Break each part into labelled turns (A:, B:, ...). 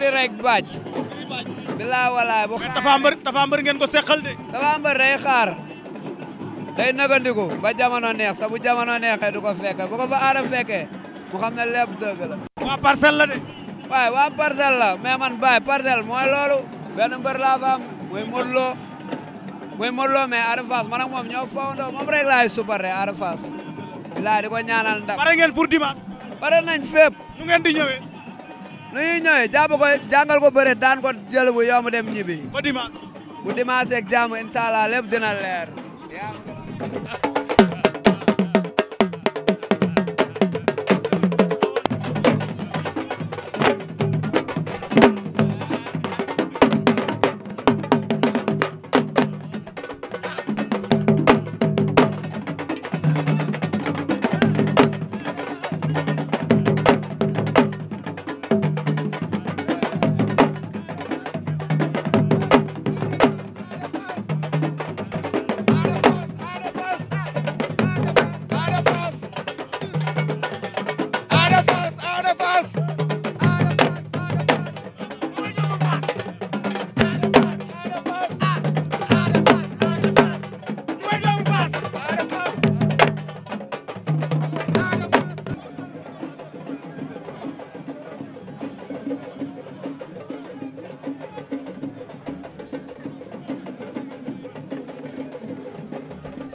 A: firi rek baaj. bilaa walaay bu xaar
B: dafa ngeen ko seqal de. dafa mbër day xaar. day nëgëndiku ba jamono neex sabu bu jamono neexee du ko fekke bu ko fa aada fekkee mu xam ne lépp dëgg la. waa parcelle la la mais man baay parcelle mooy loolu. benn mbër laa fa am muy Modou Lo muy Modou Lo mais Ada Fass man ak moom ñoo fawandoo moom rek Ada Fass. laa di ko ñaanal ndax. nu ñuy ñëwee jàpp ko jàngal ko bëre daan ko jël bu yomb dem ñibbi. ba dimanche. bu dimanche ak jàmm incha allah lépp dina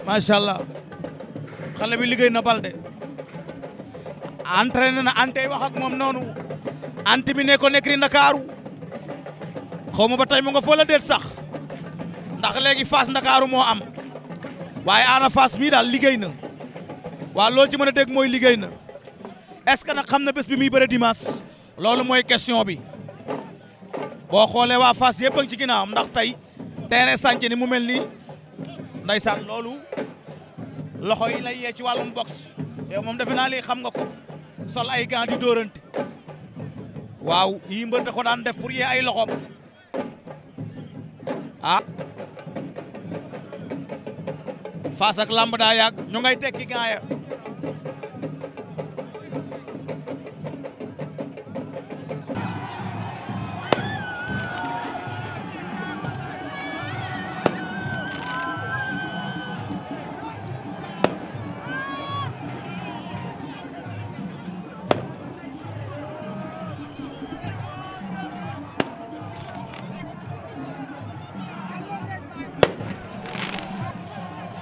B: macha allah xale bi liggéey na Balde entraîné na antey wax ak moom noonu anti mi ne ko nekk ndakaaru xaw ma ba tey mu nga foo la déet sax ndax léegi Fass ndakaaru moo am waaye Ada faas mii daal liggéey na waa loo ci mën a dégg mooy liggéey na est-ce que nag xam na bés bi muy bëre dimanche loolu mooy question bi boo xoolee waa Fass yëpp a ngi ci ginnaawam ndax tey terrain sànce ni mu mel nii ndaysaan loolu loxo yi lay yee ci wàllum box yow moom defe naa lii xam nga ko sol ay gants di dóorante waaw yii mbër da ko daan def pour yee ay loxoom ah Fass ak lamb daa yàgg ñu ngay tekki gants ya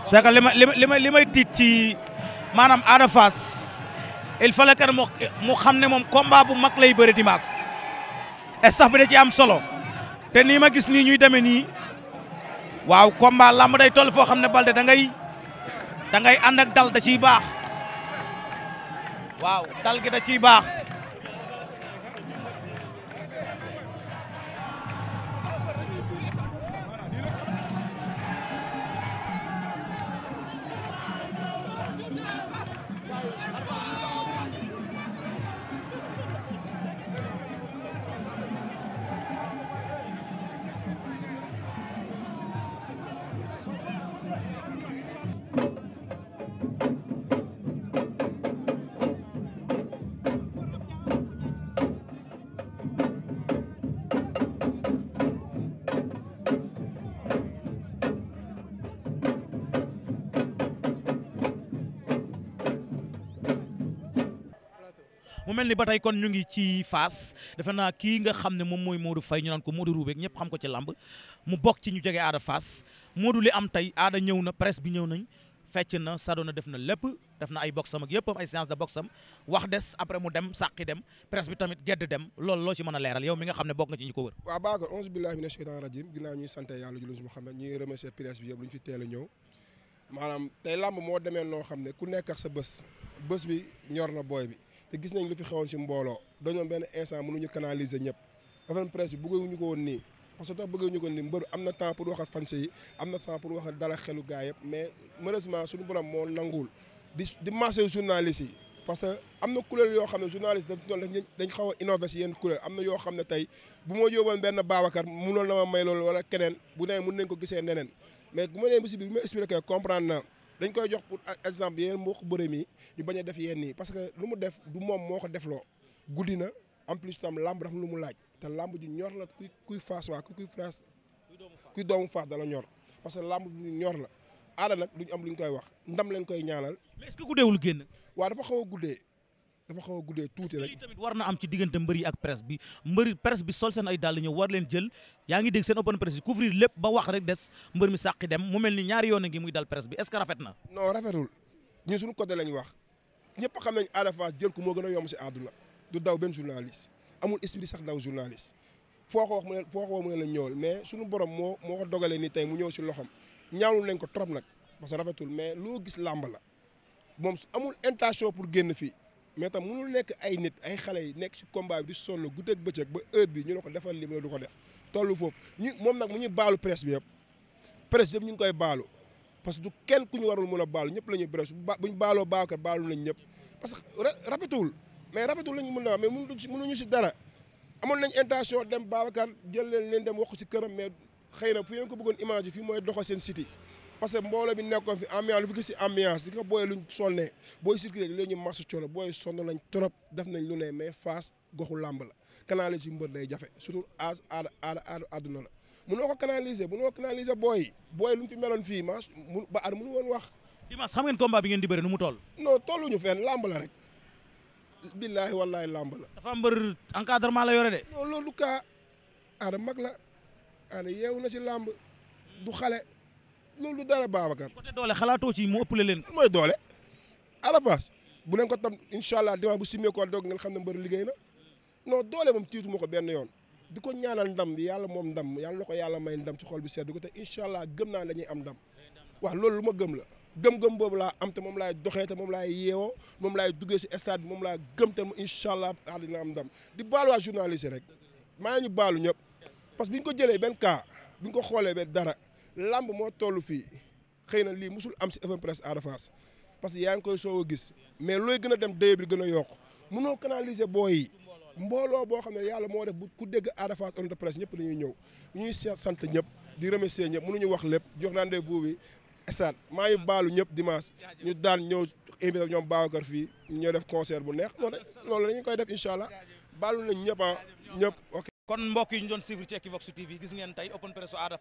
B: c'est que li ma li ma li may tiit ci maanaam Ada Fass il mu xam ne moom combat bu mag lay bëri dimanche et sax bi da ci am solo te nii ma gis nii ñuy demee nii waaw combat làmb day toll foo xam ne Baldé da ngay da ngay ànd ak dal da ciy baax waaw dal gi da ciy baax. mu mel ni ba tey kon ñu ngi ci Fass defe naa kii nga xam ne moom mooy Modou fay ñu naan ko Modou Roubek ñëpp xam ko ci làmb mu bokk ci ñu jege aada Fass Modou li am tey aada ñëw na presse bi ñëw nañ fecc na sadoona def na lépp def na ay boxam ak yëpp am ay séance wax des après mu dem sàqi dem presse bi tamit gedd dem loolu loo ci mën a leeral yow mi nga xam ne bokk nga ci ñu ko wër
A: waaw baakor onze billahi mina shaytan rajim ginnaaw ñuy sant yàlla bi yëpp lu ñu fi teel a ñëw maanaam tey làmb moo demee noo xam ne ku nekk ak sa bës bës bi ñor na booy bi te gis nañ lu fi xewoon si mbooloo dañoo benn instant mënuñu canaliser ñëpp open presse bi bëgguñu ko woon nii parce que tax bëgguñu ko woon nii mbër am na temps pour wax ak yi am na temps pour wax ak xelu gaa yëpp mais malheureusement suñu borom moo nanguwul di di marché parce que am na kuréel yoo xam ne journaliste dañ xaw a innové si yenn kuréel am na yoo xam ne tey bu ma yóbboon benn Babacar munoon na ma may loolu wala keneen bu nee mun nañ gisee neneen mais bu ma nee dañ koy jox pour exemple yeneen mbokk bërëm yi ñu bañ a def yenn yi parce que lu mu def du moom moo ko defloo guddi na en plus tam làmb dafa lu mu laaj te làmb ju ñor la kuy kuy faas waa kuy faas kuy doomu faas dala ñor parce que làmb ju ñor la aada nag duñ am lu ñu koy wax ndam lañ koy ñaanal. mais est-ce que guddeewul génn. waaw dafa xaw a guddee dafa xaw a tuuti rek war na am ci diggante
B: mbër yi ak presse bi mbëri presse bi sol seen ay dàll war leen jël yaa ngi dégg seen open presse yi couvrir lépp ba dem mu mel ni ñaari yoon a dal presse bi est-ce que rafet na
A: non rafetul ñun ñëpp xam nañ Ada jël ko moo gën a yomb si àdduna du daw benn journaliste amul esprit sax daw journaliste foo ko wax mu ne foo ko la ñëwal mais suñu borom moo moo ko dogalee ni tey mu ñëw si loxam ñaawlu nañ ko trop nag parce que rafetul mais loo gis làmb la moom amul intention pour génn fii mais tam mënul nekk ay nit ay xale yi nekk ci combat bi di sonn guddeeg bëccëg ba heure bi ñu ne ko defal li mu du ko def tollu foofu ñu moom nag mu ñu baalu presse bi yëpp presse yëpp ñu ngi koy baalu parce que du kenn ku ñu warul mun a baalu ñëpp la ñuy presse bu ñu baaloo baakat baalu nañ ñëpp parce que rafetul mais rafetul lañu mën a mais mënu mënuñu si dara amoon nañ intention dem Babacar jël leen leen dem wax ci këram mais xëy na fu ngeen ko bëggoon image yi mooy doxal seen site parce que mbooloo bi nekkoon fi ambiance lu fi gis si ambiance li ko booyee luñ sonne booy circulé léegi ñu masu coono booy sonn nañ trop def nañ lu ne mais Fass goxu làmb la canaliser mbër day jafe surtout aas aada aada àdduna la mun mënoo ko canaliser mënoo canaliser booy booy lu mu fi meloon fii ma mu ba aar mënu woon wax. Dimanche xam ngeen combat bi ngeen di bëri nu mu toll. non tolluñu fenn làmb la rek. billaahi wallaahi làmb la. dafa mbër encadrement la yore de. loolu cas aada la aada yeewu na si làmb loolu dara Babacar. côté doole xalaatoo ci moo ëppale leen. mooy doole Ada Fass bu leen ko tam incha allah demain bu simee ko doog ngeen xam ne mbër liggéey na non doole moom tiituma ko benn yoon di ko ñaanal ndam bi yàlla moom ndam yàlla ko yàlla may ndam si xool bi sedd ko te incha allah gëm naa dañuy am ndam waaw loolu lu ma gëm la gëm-gëm boobu laa am te moom laay doxee te moom laay yeewoo moom laay duggee si stade moom laa gëm te incha allah ah, dina am ndam di baalu waa journaliste rek maa ñu baalu ñëpp parce que bi ñu ko jëlee benn cas bi ñu ko xoolee benn dara làmb moo toll fii xëy na lii musul am si open press Ada Fass parce que yaa ngi koy soog a gis mais looy gën a dem dayoo bi gën a yokk mënoo canaliser booy yi mbooloo boo xam ne yàlla moo def bu ku dégg Ada Fass open press ñëpp dañuy ñëw ñuy sant ñëpp di remercier ñëpp mënuñu wax lépp jox rendez-vous bi estat maa ngi baalu ñëpp dimanche ñu daan ñëw invité ñoom Babacar fii ñoo def concert bu neex noonu loolu dañu koy def incha allah baalu
B: nañ ñëpp ah, ñëpp ok kon mbokk yi ñu doon suivre ci Equivox TV gis ngeen tey open press Ada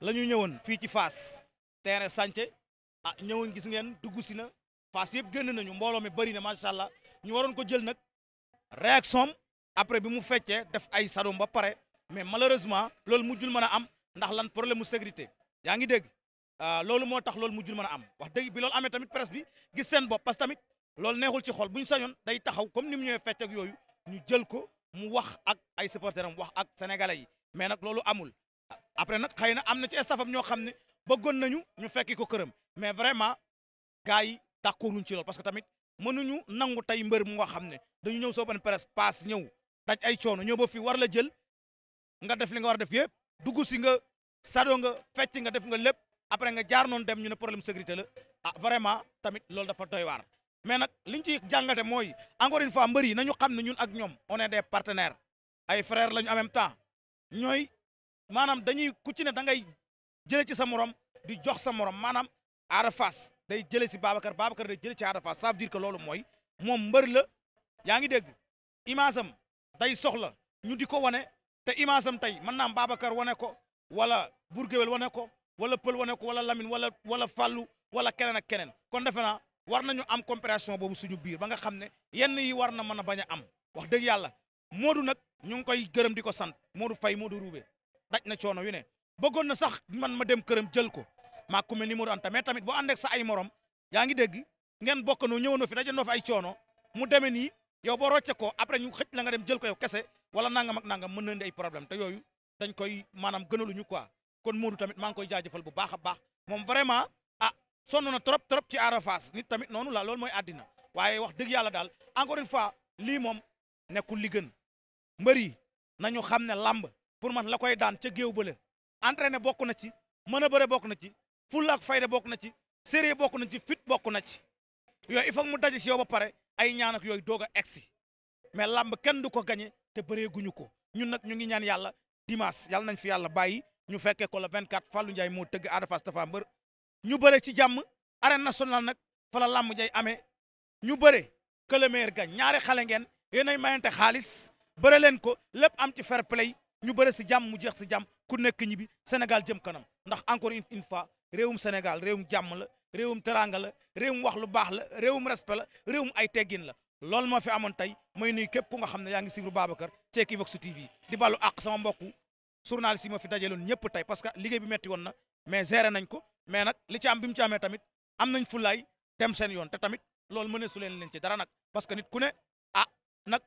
B: la ñu ñëwoon fii ci Fass terrain Santhie ah ñëwoon gis ngeen dugg si na Fass yëpp génn nañu mbooloo mi bëri na macha allah ñu waroon ko jël nag réaction après bi mu feccee def ay sadom ba pare mais malheureusement loolu mujjul mën a am ndax lan problème mu sécurité yaa ngi dégg ah, loolu moo tax loolu mujjul mën a am wax dëgg bi loolu amee tamit presse bi gis seen bopp parce tamit loolu neexul ci xol bu ñu sañoon day taxaw comme ni mu ñëwee fecc yooyu ñu jël ko mu wax ak ay mu wax ak sénégalais yi mais nag loolu amul après nag xëy na am na ci staffam ñoo xam ne bëggoon nañu ñu fekki ko këram mais vraiment gars yi d'accord wuñ ci lool parce que tamit mënuñu nangu tey mbër mu nga xam ne dañu ñëw soo ban presse paas ñëw daj ay coono ñëw ba fii war la jël nga def li nga war a def yëpp dugg si nga sadoo nga fecc nga def nga lépp après nga jaar noonu dem ñu ne problème sécurité la ah vraiment tamit loolu dafa doy waar mais nag liñ ci jàngate mooy encore une fois mbër yi nañu xam ne ñun ak ñoom o est des partenaires ay frères lañu en même temps ñooy maanaam dañuy ku ci ne da ngay jële ci sa morom di jox sa morom maanaam Ada Fass day jële si Babacar Babacar day jële ci Ada Fass ça veut loolu mooy moom mbër la yaa ngi dégg image day soxla ñu di ko wane te image am tey mën naam Babacar wane ko wala Bourgéwel wane ko wala Pël wane ko wala Lamine wala wala Fallou wala keneen ak keneen kon defe naa war nañu am compréhension boobu suñu biir ba nga xam ne yenn yi war na mën a bañ a am wax dëgg yàlla Modou nag ñu ngi koy gërëm di ko sant Modou Faye Modou Roubé daj na coono yu ne bëggoon sax man ma dem këram jël ko maa ku mel ni Modou Anta tamit boo ànd sa ay morom yaa ngi dégg ngeen bokkandoo ñëwandoo fi dajandoo fi ay coono mu demee nii yow boo rocce après ñu xëj la nga dem jël ko yow kese wala nangam ak nangam mën na indi problème te yooyu dañ koy maanaam gënaluñu quoi kon Modou tamit maa ngi koy jaajëfal bu baax a baax moom vraiment ah sonn na trop trop ci Ada Fass nit tamit noonu la loolu mooy addina waaye wax dëgg yàlla daal encore une fois lii moom nekkul li gën mbër yi nañu xam ne làmb pour man la koy daan ca géew bële entraîné bokk na ci mën a bëre bokk na ci fulla ak fayda bokk na ci sérieux bokk na ci fit bokk na ci yooyu i faut mu daje si yow ba pare ay ñaan ak yooyu doog a egsi mais làmb kenn du ko gañe te bëree guñu ko ñun nag ñu ngi ñaan yàlla dimanche yàlla nañ fi yàlla bàyyi ñu fekkee ko le 24 Fallou Ndiaye moo tëgg Ada Fass Tapha Mbeur ñu bëre ci jàmm arène nationale nag fala la làmb jay amee ñu bëre que le meilleur gagne ñaari xale ngeen yéenay mayante xaalis bëre leen ko lépp am ci fair play ñu bëre si jàmm mu jeex si jàmm ku nekk ñibbi Sénégal jëm kanam ndax encore une fois réewum Sénégal réewum jàmm la réewum teraanga la réewum wax lu baax la réewum respect la réewum ay teggin la loolu moo fi amoon tey may nuyu képp ku nga xam ne yaa ngi suivre Babacar ci Equivox TV di baalu àq sama mbokku journaliste si ma fi dajaloon ñëpp tey parce que liggéey bi metti woon na mais géré nañ ko mais nag li ci am bi mu ci amee tamit am nañ fulaay dem seen yoon te tamit loolu mëneesu leen leen ci dara nag parce que nit ku ne ah nag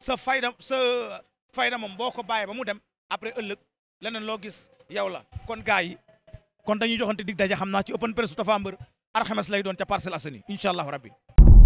B: sa sa fayda moom boo ko bàyyee ba mu dem après ëllëg leneen loo gis yow la kon gars yi kon dañuy joxante dig daje xam naa ci open press su Tapha Mbeur alxames lay doon ca Parcelles Assainies incha allahu rabbi